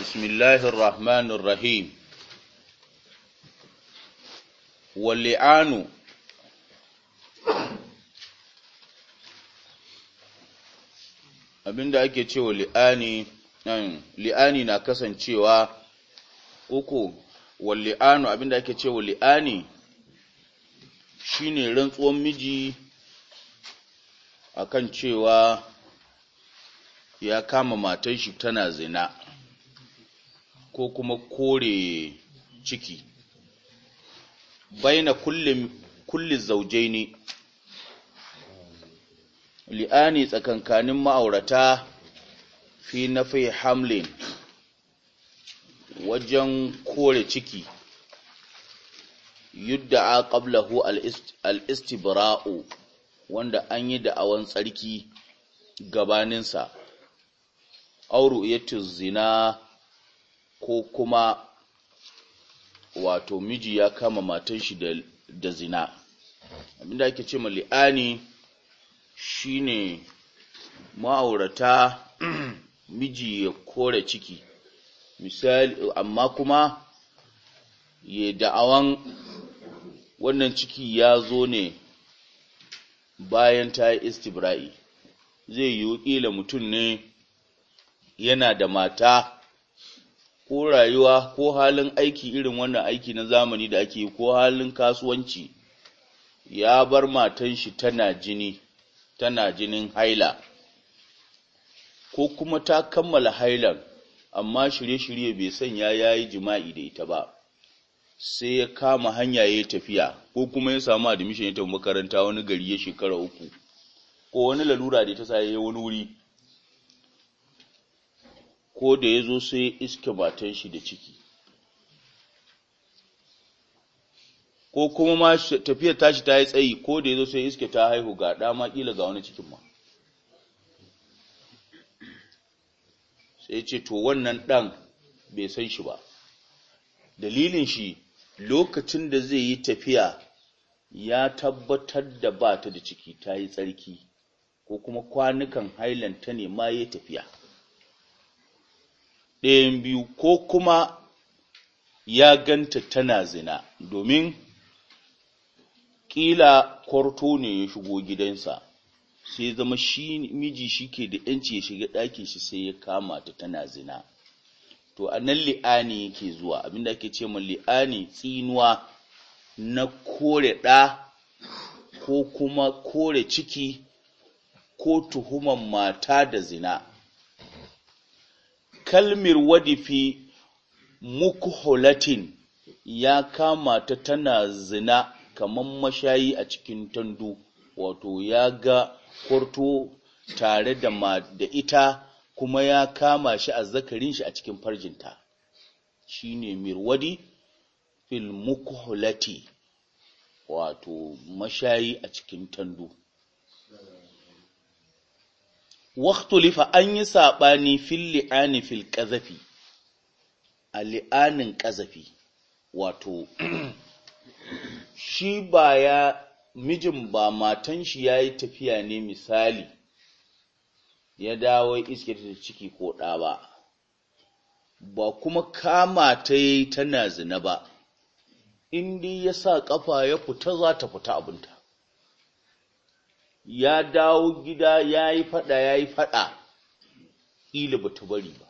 بسم الله الرحمن الرحيم واللعان abinda ake cewa li'ani nan li'ani na kasancewa uku walli'anu abinda ake cewa li'ani shine rantsuwar miji akan cewa ya kama matan shi tana zina ko kuma kore ciki baina kullin zaujai ne. li'ani tsakankanin ma'aurata fi hamlin wajen kore ciki yadda a ƙablahu al'istibra'u wanda an yi da'awan tsarki gabaninsa auru yato zina ko kuma wato miji ya kama matan shi da, da zina abinda ake ce li'ani shine ma'aurata miji ya kore ciki misali amma kuma ya da'awan wannan ciki ya zo ne bayan ta yi istibra'i zai yi ƙila mutum ne yana da mata ko rayuwa ko halin aiki irin wannan aiki na zamani da ake ko halin kasuwanci ya bar matan shi tana jini tana jinin haila ko kuma ta kammala hailan, amma shirye-shirye bai sanya yayi jima'i da ita ba sai ya kama hanya ya tafiya ko kuma ya samu admission ya tafi makaranta wani gari ya shekara uku ko wani lalura da ta sa ya yi wani wuri ko da ya zo sai iske matan shi da ciki ko kuma ma tafiyar tashi ta yi tsayi ko da ya zo sai iske ta haihu ga dama kila ga wani cikin ma sai ce to wannan ɗan bai san shi ba dalilin shi lokacin da zai yi tafiya ya tabbatar da ba ta da ciki ta yi tsarki ko kuma kwanukan hailanta ne ma ya tafiya ɗayan biyu ko kuma ya ganta tana zina domin ƙila kwarto ne ya shigo gidansa sai zama shi miji shike da yanci ya shiga ɗakin shi sai ya kama ta tana zina to a nan li'ani yake zuwa abinda ake ce ma li'ani tsinuwa na kore ɗa ko kuma kore ciki ko tuhuman mata da zina kalmir wadifi mukulatin ya kama ta tana zina kamar mashayi a cikin tandu wato ya ga kwarto tare da da ita kuma ya kama shi a zakarin shi a cikin farjinta shine mirwadi fil wato mashayi a cikin tandu waktulifa an yi saɓani fil li'ani fil ƙazafi a li'anin ƙazafi wato shi ba ya mijin ba matan shi ya yi tafiya ne misali ya dawo iska da ciki ko ɗa ba ba kuma kama ta yi tana zina ba in dai ya sa ƙafa ya fita za ta fita abinta ya dawo gida ya yi faɗa ya yi faɗa ƙila ba ta bari ba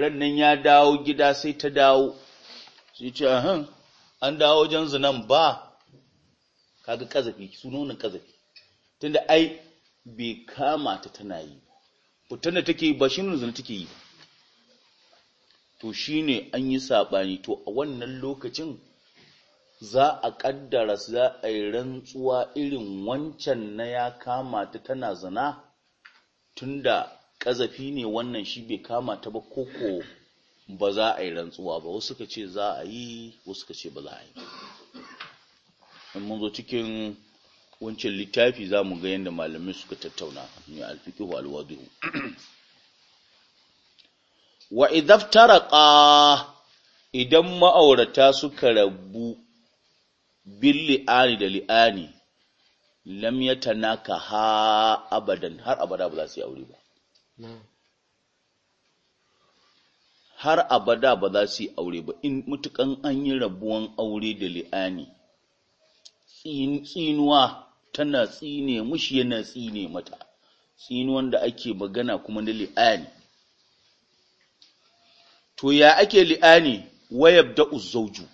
rannan ya dawo gida sai ta dawo sai ce ahan an dawo wajen zinan ba kaga ƙazafi sunonin ƙazafi tunda ai bai kama ta tana yi fitan da take ba shi zina take yi to shine an yi saɓani to a wannan lokacin za a ƙaddara za a yi rantsuwa irin wancan na ya kama ta tana zina tunda ƙazafi ne wannan shi bai kama ta ba koko ba za a yi rantsuwa ba wasu ka ce za a yi wasu ka ce ba za a yi in mun zo cikin wancan littafi za mu ga yadda malamai suka tattauna ne alfiƙihu alwadu wa idaftaraqa idan ma'aurata suka rabu Bin li'ani da li'ani lam tanaka ha abadan har abada ba za su yi aure ba har abada ba za su yi aure ba in mutukan an yi rabuwan aure da li'ani tsinuwa tana tsine mushi yana tsine mata tsinuwan da ake magana kuma na li'ani to ya ake li'ani da uzzauju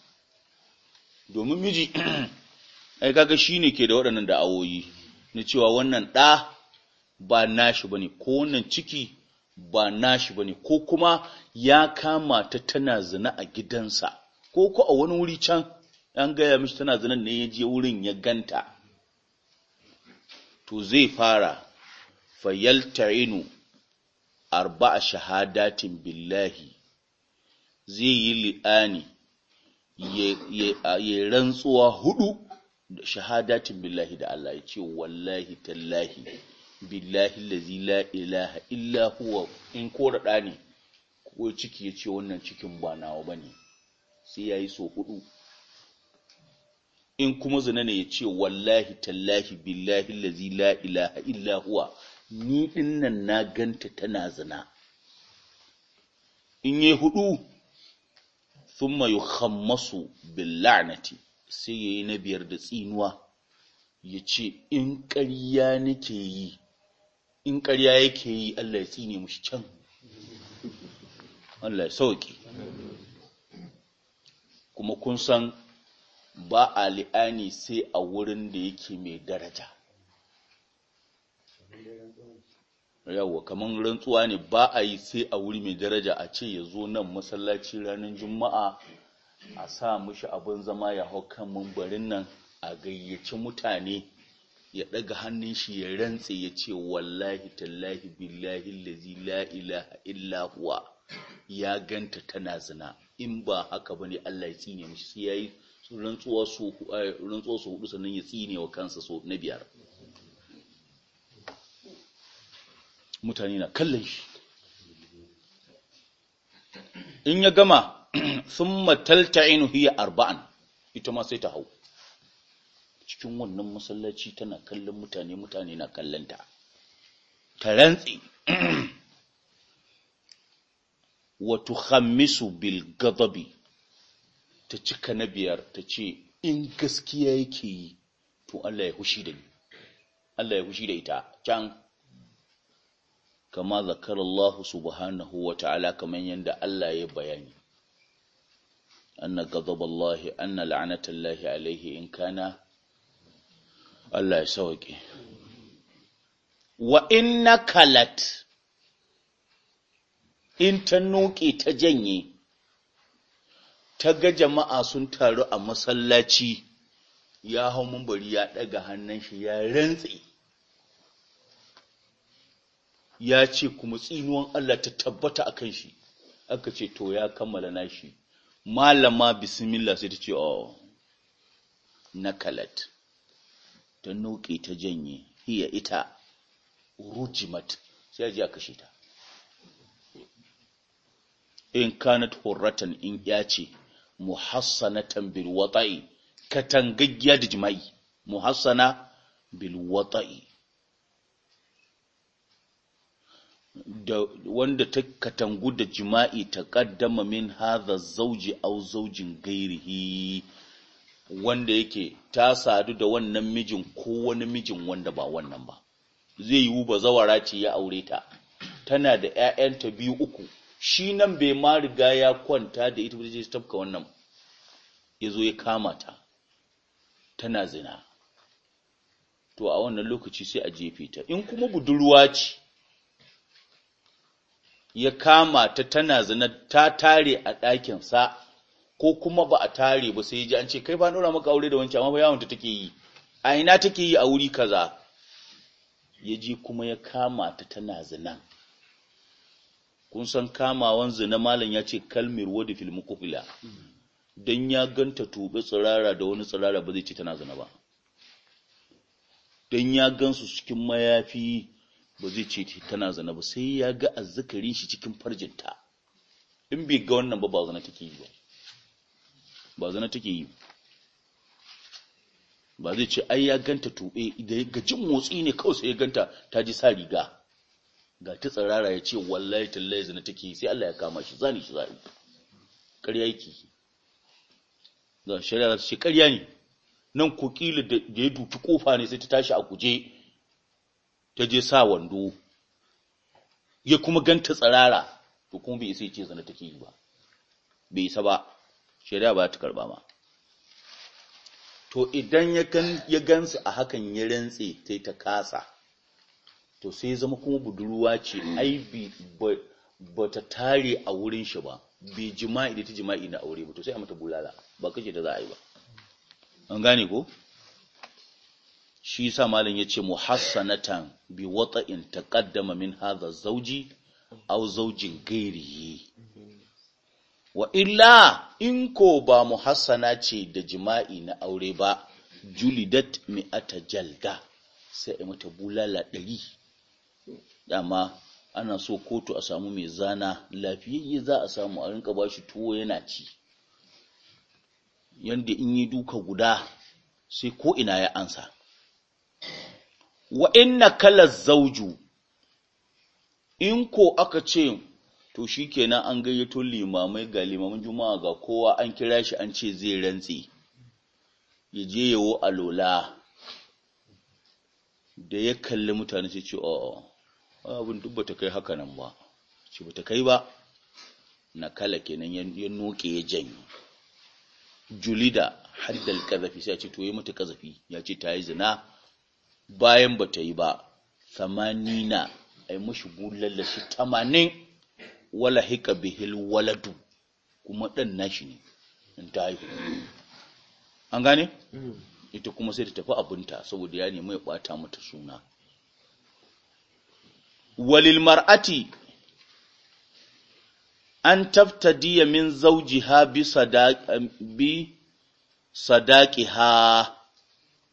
domin miji ai kaga shine ke da waɗannan da'awoyi na cewa wannan ɗa ba nashi bane ko wannan ciki ba nashi bane ko kuma ya kama ta tana zina a gidansa ko ko a wani wuri can an gaya mishi tana zinan ne ya je wurin ya ganta to zai fara fayalta'inu arba'a shahadatin billahi zai yi li'ani ya rantsuwa hudu da shahadatin billahi da Allah ya ce wallahi tallahi billahi lazi la ilaha illa huwa in koraɗa ne ko ciki ya ce wannan cikin ba nawa ba ne sai ya yi so hudu in kuma zina ne ya ce wallahi tallahi billahi lazi la ilaha illa huwa ni ɗin nan na ganta tana zina in yi hudu thumma yukhammasu bil la'nati sai yayi na biyar da tsinuwa yace in ƙarya nake yi in ƙarya yake yi Allah ya tsine mushi can Allah ya sauki kuma kun san ba a li'ani sai a wurin da yake mai daraja Yawo, kaman rantsuwa ne ba a yi sai a wuri mai daraja a ce ya zo nan masallaci ranar juma'a a sa mushi abin zama ya hau kan mambarin nan a gayyaci mutane ya ɗaga hannun shi ya rantse ya ce wallahi tallahi billahi lazi la illa huwa ya ganta tana zina in ba haka ba ne, Allah ya tsine mishi sai yayi yi rantsuwa su hudu eh, sannan ya tsine wa kansa so na biyar mutane na kallon shi in ya gama matalta talta'inu hiya arba'an ita ma sai ta hau cikin wannan masallaci tana kallon mutane mutane na kallon ta ta rantsi wa bil ta cika na biyar ta ce in gaskiya yake yi to Allah ya hushi da ni Allah ya hushi da ita can kama zakar Allah subhanahu wa ta'ala kamar yadda Allah ya bayani anna Allah, anna Allah alaihi in kana Allah ya sauke wa inna kalat in ta noke ta janye ta ga jama'a sun taru a masallaci ya hau bari ya ɗaga hannun shi ya rantse ya ce kuma tsinuwan Allah ta tabbata a kan shi aka ce to ya kammala nashi malama bismillah sai ta ce oh kalat. ta nuke ta janye hiya ita rujimat sai ji a kashe ta in kanat horatan in ya ce Muhassana bil wata'i katangaggiya da jima'i muhassana bil wata'i da wanda ta katangu da jima'i ta kaddama min hadha zauji au zaujin gairihi wanda yake ta sadu da wannan mijin ko wani mijin wanda ba wannan ba zai yiwu ba zawara ce ya aure ta tana da 'ya'yanta biyu uku shi nan bai ma riga ya kwanta da ita ba ta tafka wannan ya zo ya kama ta tana zina to a wannan lokaci sai a jefe ta in kuma budurwa ce ya kama ta tana zina ta tare a ɗakinsa ko kuma ba a tare ba sai ji an ce kai ba nura maka aure da wancan amma ba yawon ta take yi a ina take yi a wuri kaza ya ji kuma ya kama ta tana zina kun san kamawan zina malam ya ce kalmir wadi filmu kufila Don ya ganta tobe tsirara da wani tsirara ba zai ce tana zina ba Don ya gansu cikin mayafi ba zai ce tana zana ba sai ya ga azzakarin shi cikin farjinta in bai ga wannan ba ba zina take yi ba ba zana take yi ba zai ce ai ya ganta tube, idan ga jin motsi ne kawai sai ya ganta ta ji sa riga ga ta tsirara ya ce wallahi tallahi zana take yi sai Allah ya kama shi zani shi zai ƙarya yake za shari'a za ta ce ƙarya ne nan ko kila da ya duki kofa ne sai ta tashi a kuje ta je sa wando ya kuma ganta tsarara to kuma bai isa ya ce zana take yi ba bai isa ba shari'a ba ta karba ma to idan ya gansu a hakan ya rantse tai ta kasa to sai zama kuma budurwa ce ai ba ta tare a wurin shi ba bai jima'i da ta jima'i na aure ba to sai a mata bulala ba kace da za a yi ba an gane ko shi yasa malam ya ce muhassanatan bi in taqaddama min hadha zawji aw zawjin ghairihi wa illa in ko ba muhassana ce da jima'i na aure ba julidat ata jalda sai a mata bulala ɗari dama ana so kotu a samu mai zana lafiyayye za a samu a rinka bashi tuwo yana ci yanda in yi duka guda sai ko ina ya ansa wa inna kala zauju in ko aka ce to shikenan an gayyato limamai ga limamin juma'a ga kowa an kira shi an ce zai rantse ya je yawo lola da ya kalli mutane sai ce oh, oh, oh abin dubba ta kai haka nan ba ce bata kai ba na kala kenan ya noke ya janyo julida haddal kazafi sai ce to yi mata kazafi ya ce ta yi zina bayan ba ta yi ba samanina ai mushi da shi tamanin wala hika bihil waladu kuma ɗan nashi ne in ta haihu an gane mm. ita kuma sai ta tafi abinta saboda ya nemi ya ɓata mata suna walil mar'ati an taftadiya min ha bi sadaki ha.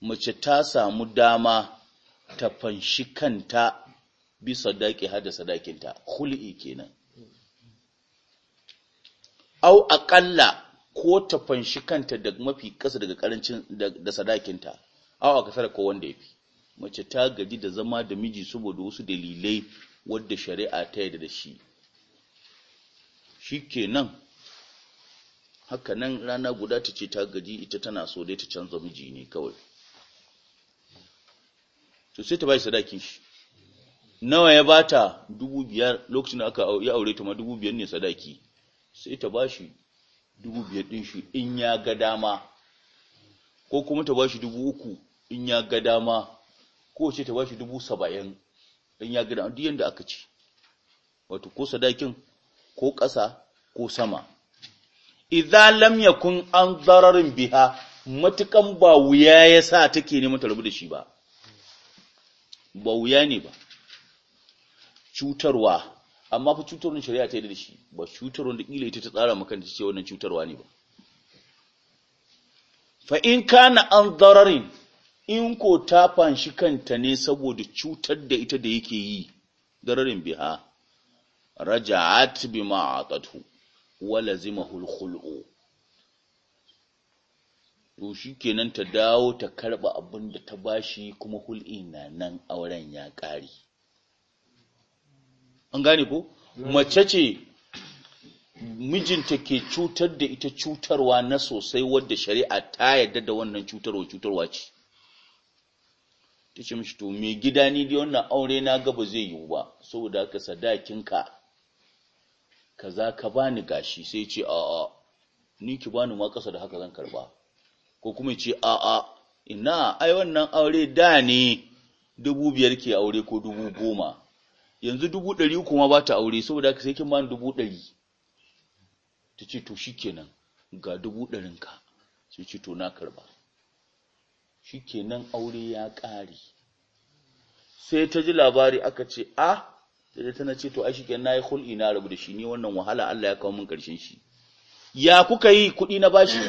mace ta samu dama ta fanshi kanta bisa daƙi hada sadakinta huli kenan au aƙalla ko ta fanshi kanta da mafi ƙasa daga karancin da sadakinta au akasar ko wanda ya fi. mace ta gaji da zama da miji saboda wasu dalilai wadda shari'a ta yi da shi Shi haka nan rana guda ta ce ta gaji ita tana so dai ta canza miji ne kawai to sai ta bashi sadakin shi nawa ya bata dubu biyar lokacin da aka ya aure ta ma dubu biyar ne sadaki sai ta bashi dubu biyar din shi in ya ga dama ko kuma ta bashi dubu uku in ya ga dama ko ce ta bashi dubu saba'in in ya ga dama duk yanda aka ci wato ko sadakin ko ƙasa ko sama idza lam yakun an zararin biha matukan ba wuya yasa take ne ta rubu da shi ba ba wuya ne ba cutarwa amma fa cutarwar shari'a ta yi da shi ba cutarwar da ƙila ita ta tsara maka da ce wannan cutarwa ne ba fa in kana an dararin in ko ta fanshi kanta ne saboda cutar da ita da yake yi dararin biha raja'at bima aqathu wa lazimahu al-khul'u to shi kenan ta dawo ta karba abin da ta bashi kuma hul'i na nan auren ya ƙare an gane ko mace ce mijinta ke cutar da ita cutarwa na sosai wadda shari'a ta yarda da wannan cutarwa cutarwa ce ta ce mashi to mai gida ni da wannan aure na ga ba zai yiwu ba saboda haka sadakinka kaza ka bani gashi sai ce a'a ni ki bani ma ƙasa da haka zan karɓa. ko kuma ce a'a ina ai wannan aure da ne dubu biyar ke aure ko dubu goma yanzu dubu ɗari kuma ba ta aure saboda haka sai kin ni dubu ɗari ta ce to shikenan ga dubu ka? sai ce to na karba shikenan aure ya ƙare sai ta ji labari aka ce a sai tana ce to ai kenan nayi hul'i na rabu da shi ni wannan wahala Allah ya kawo min ƙarshen shi ya kuka yi kuɗi na bashi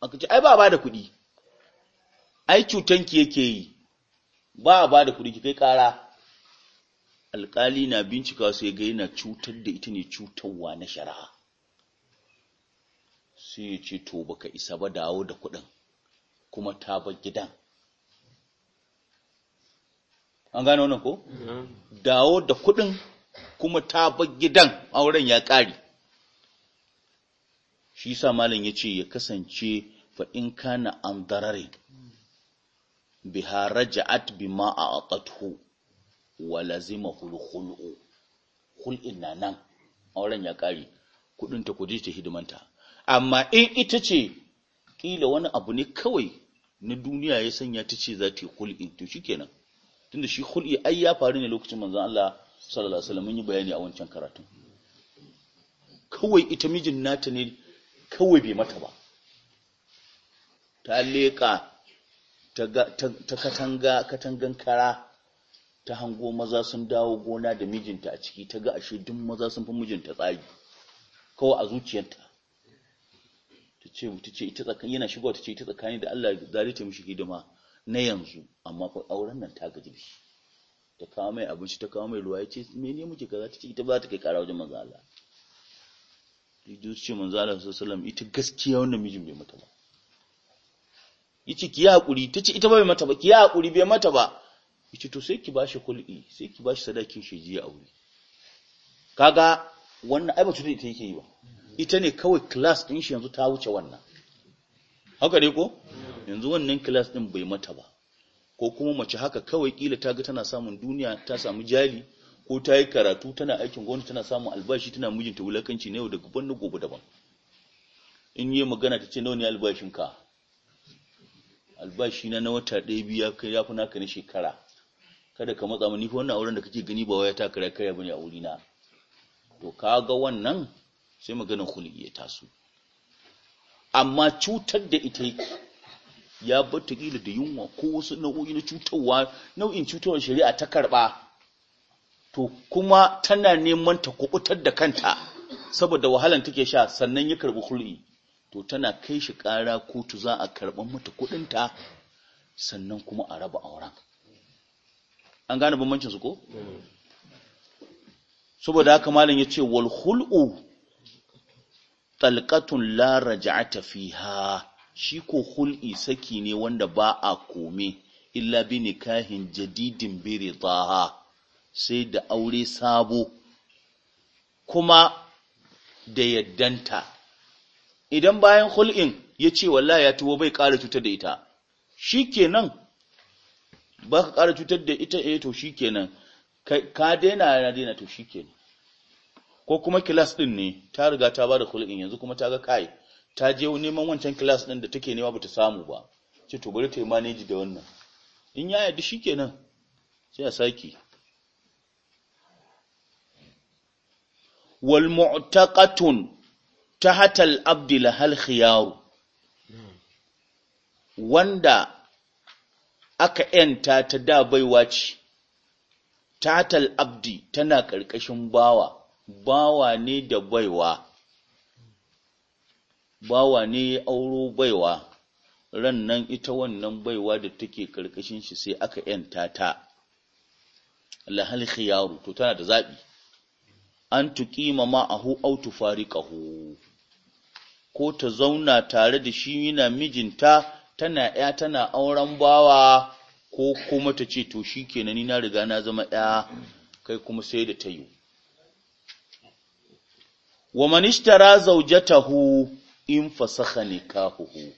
aka ce ai ba ba da kuɗi ai cutanki yake yi ba ba da kuɗi ki kai ƙara alƙali na bincika su ya ga yana cutar da ita ne cutarwa na shari'a sai ya ce to baka isa ba dawo da kuɗin kuma ta ba gidan an gano nan ko mm-hmm. dawo da kuɗin kuma ta ba gidan auren ya ƙare shi sa malam ya ce ya kasance fa kana an darare bi ma a a'tathu wa lazima hul’in na nan auren ya kare kudin ta kuje ta hidimanta amma in ita ce ƙila wani abu ne kawai na duniya ya sanya ta ce za ta yi hul’in, to shi kenan. tunda shi hul'i ai ya faru ne lokacin manzan Allah sallallahu alaihi wasallam mun yi bayani a wancan karatun kawai ita mijin nata ne kawai bai mata ba ta leƙa ta katanga katangan kara ta hango maza sun dawo gona da mijinta a ciki ta ga ashe duk maza sun fi mijinta tsari kawai a zuciyarta ta ce ta ce ita tsakani yana shigowa ta ce ita tsakani da Allah zari ta mishi hidima na yanzu amma fa auren nan ta gaji da shi ta kawo mai abinci ta kawo mai ruwa ya ce me ne muke kaza ta ce ita ba ta kai kara wajen maza. Allah su ce manzo Allah sallallahu ita gaskiya wannan mijin bai mata ba yace ki ya hakuri tace ita bai mata ba ki ya hakuri bai mata ba yace to sai ki bashi kul'i sai ki bashi sadakin shi jiya wuri kaga wannan ai ba da ita yake yi ba ita ne kawai class din shi yanzu ta wuce wannan haka dai ko yanzu wannan class din bai mata ba ko kuma mace haka kawai kila ta ga tana samun duniya ta samu jali ko ta yi karatu tana aikin gwamnati tana samun albashi tana mijinta wulakanci na yau da gobe na gobe daban in yi magana ta ce nawa ne albashinka albashi na na wata ɗaya biya kai ya fi naka na shekara kada ka matsa mani wannan auren da kake gani ba waya ta kare kare bane a wuri na to ga wannan sai maganar hulki ya taso amma cutar da ita ya bar kila da yunwa ko wasu nau'o'i na cutarwa nau'in cutarwar shari'a ta karɓa to kuma tana neman ta kubutar da kanta saboda wahalan take sha sannan ya karbi hul'i to tana kai shi ƙara kotu za a karɓar mata kuɗinta sannan kuma a raba auren an gane bambancin su ko saboda haka malam yace wal hul'u talqatun la raj'ata fiha shi ko hul'i saki ne wanda ba a kome illa bi nikahin jadidin bi ridaha sai da aure sabo kuma da yaddanta idan bayan hul'in ya ce wallahi ya tuwo bai ƙara cutar da ita shi nan, ba ka ƙara cutar da ita ya eh to shi nan, ka daina yana daina to shi shikenan ko kuma kilas ɗin ne ta riga ta ba da hul'in yanzu kuma ta ga kai ta je neman wancan kilas ɗin da take nema bata samu ba ce to bari ta yi maneji da wannan in ya yadda yarda nan, sai a saki wal mu'taqatun tahta al abdi lahal khiyar wanda aka yanta ta da baiwa ce tatal abdi tana ƙarƙashin bawa bawa ne da baiwa bawa ne ya auro baiwa ran nan ita wannan baiwa da take ƙarƙashin shi sai aka yanta ta lahal khiyaru to tana da zaɓi an ma tuqima au tufari ƙahu ko ta zauna tare da shi yana mijinta tana ya tana auren bawa ko kuma ta ce to shikenan ni na riga na zama ya kai kuma sai da yi. wa man ishtara zawjatahu in fasakha nikahuhu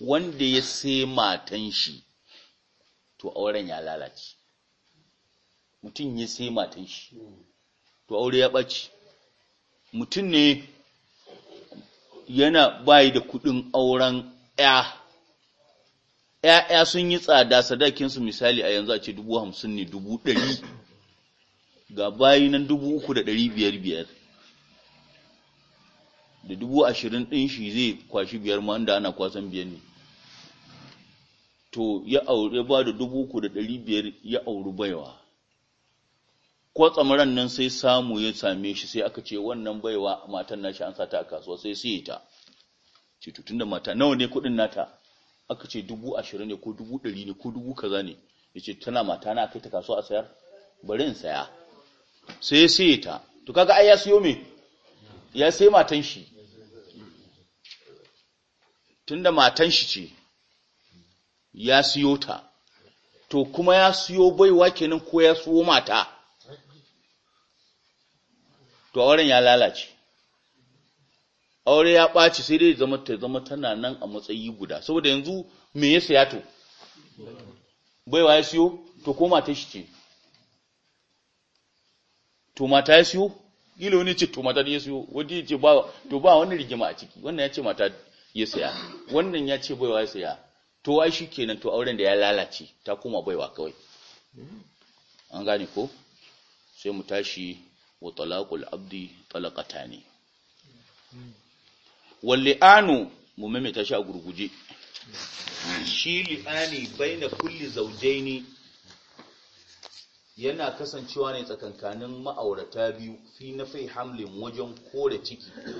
wanda ya sai matan shi to auren ya lalace mutum ya sai matan shi to aure ya ɓaci mutum ne yana bayi da kuɗin auren ‘ya ‘ya'ya sun yi tsada sadakinsu misali a yanzu a ce dubu hamsin ne dubu ɗari ga bayi nan dubu uku da ɗari biyar biyar da dubu ashirin ɗin shi zai kwashi biyar ma inda ana kwasan biyar ne to ya aure ba da dubu uku da ɗari biyar ya auri baiwa ko tsamaran nan sai samu ya same shi sai aka ce wannan baiwa matan nashi an sata a kasuwa sai sai ta ce tutun da mata nawa ne kudin nata aka ce dubu ashirin ne ko dubu ɗari ne ko dubu kaza ne ya ce tana mata na kai ta kasuwa a sayar bari in saya sai sai ta to kaga ai ya siyo me ya sai matan shi tunda matan shi ce ya siyo ta to kuma ya siyo baiwa kenan ko ya siyo mata to auren ya lalace aure ya ɓaci sai dai zama ta zama tana nan a matsayi guda saboda yanzu me ya saya to wa ya siyo to ko mata shi ce to mata ya siyo ilo wani ce to mata ya siyo wani ya ce ba to ba wani rigima a ciki wannan ya ce mata ya saya wannan ya ce wa ya saya to ai shi kenan to auren da ya lalace ta koma wa kawai an gane ko sai mu tashi wa talaqul abdi talaqatani hmm. wal li'anu mu maimaita shi a gurguje shi li'ani baina kulli zawjaini yana kasancewa ne tsakankanin ma'aurata biyu fi fai hamlin wajen kore ciki